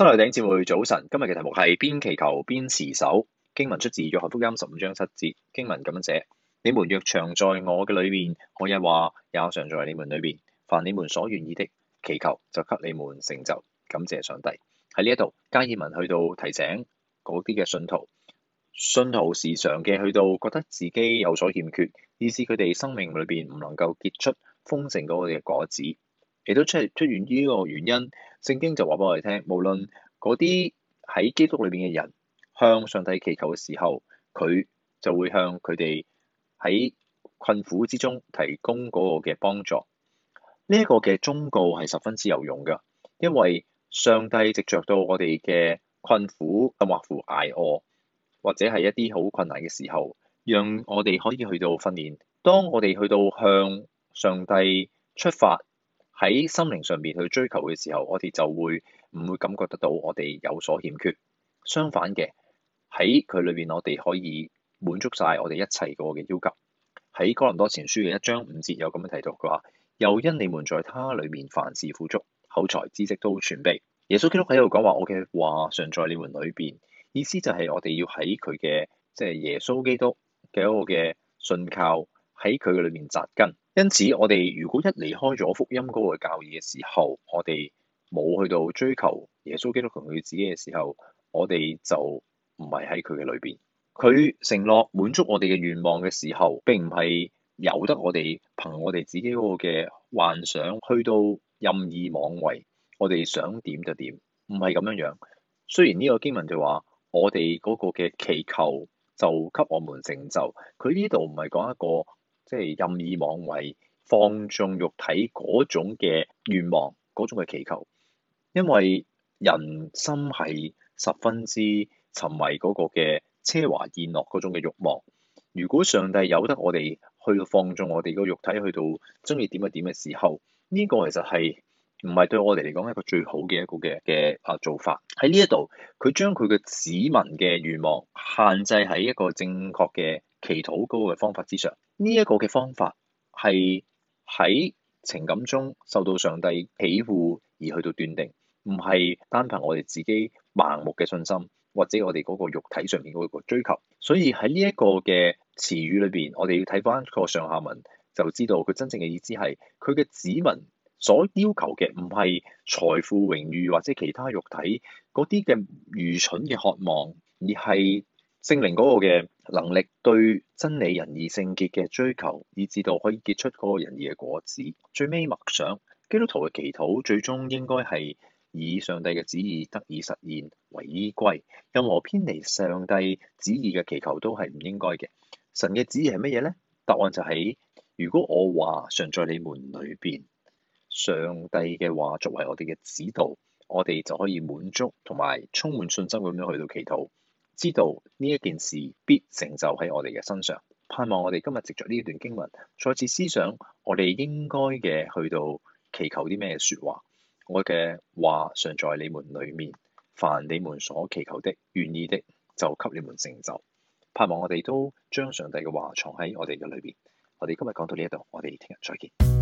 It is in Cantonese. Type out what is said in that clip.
新來頂姐妹，早晨。今日嘅題目係邊祈求邊持守。經文出自約翰福音十五章七節。經文咁樣寫：你們若常在我嘅裏面，我又話也常在你們裏面。凡你們所願意的，祈求就給你們成就。感謝上帝。喺呢一度，加爾文去到提醒嗰啲嘅信徒，信徒時常嘅去到覺得自己有所欠缺，以致佢哋生命裏邊唔能夠結出豐盛嗰個嘅果子。亦都出出於呢個原因，聖經就話俾我哋聽，無論嗰啲喺基督裏邊嘅人向上帝祈求嘅時候，佢就會向佢哋喺困苦之中提供嗰個嘅幫助。呢、這、一個嘅忠告係十分之有用噶，因為上帝藉著到我哋嘅困苦，甚或乎挨餓，或者係一啲好困難嘅時候，讓我哋可以去到訓練。當我哋去到向上帝出發。喺心靈上面去追求嘅時候，我哋就會唔會感覺得到我哋有所欠缺。相反嘅，喺佢裏邊我哋可以滿足晒我哋一切個嘅要求。喺哥林多前書嘅一章五節有咁樣提到，佢話又因你們在他裏面凡事富足，口才知識都全備。耶穌基督喺度講話，我嘅話常在你們裏邊，意思就係我哋要喺佢嘅即係耶穌基督嘅一個嘅信靠喺佢裏面紮根。因此，我哋如果一離開咗福音嗰個教義嘅時候，我哋冇去到追求耶穌基督同佢自己嘅時候，我哋就唔係喺佢嘅裏面。佢承諾滿足我哋嘅願望嘅時候，並唔係由得我哋憑我哋自己嗰個嘅幻想去到任意妄為，我哋想點就點，唔係咁樣樣。雖然呢個經文就話我哋嗰個嘅祈求就給我們成就，佢呢度唔係講一個。即係任意妄為、放縱肉體嗰種嘅願望、嗰種嘅祈求，因為人心係十分之沉迷嗰個嘅奢華宴樂嗰種嘅欲望。如果上帝由得我哋去放縱我哋個肉體去到中意點嘅點嘅時候，呢、這個其實係唔係對我哋嚟講係一個最好嘅一個嘅嘅啊做法？喺呢一度，佢將佢嘅子民嘅願望限制喺一個正確嘅。祈禱嗰個嘅方法之上，呢一個嘅方法係喺情感中受到上帝庇護而去到斷定，唔係單憑我哋自己盲目嘅信心，或者我哋嗰個肉體上面嗰個追求。所以喺呢一個嘅詞語裏邊，我哋要睇返個上下文，就知道佢真正嘅意思係佢嘅子民所要求嘅唔係財富、榮譽或者其他肉體嗰啲嘅愚蠢嘅渴望，而係聖靈嗰個嘅。能力對真理、仁義、聖潔嘅追求，以至到可以結出嗰個仁義嘅果子。最尾默想，基督徒嘅祈禱最終應該係以上帝嘅旨意得以實現為依歸。任何偏離上帝旨意嘅祈求都係唔應該嘅。神嘅旨意係乜嘢咧？答案就係如果我話常在你們裏邊，上帝嘅話作為我哋嘅指導，我哋就可以滿足同埋充滿信心咁樣去到祈禱。知道呢一件事必成就喺我哋嘅身上，盼望我哋今日藉着呢段經文，再次思想我哋應該嘅去到祈求啲咩說話。我嘅話常在你們裏面，凡你們所祈求的，願意的，就給你們成就。盼望我哋都將上帝嘅話藏喺我哋嘅裏邊。我哋今日講到呢一度，我哋聽日再見。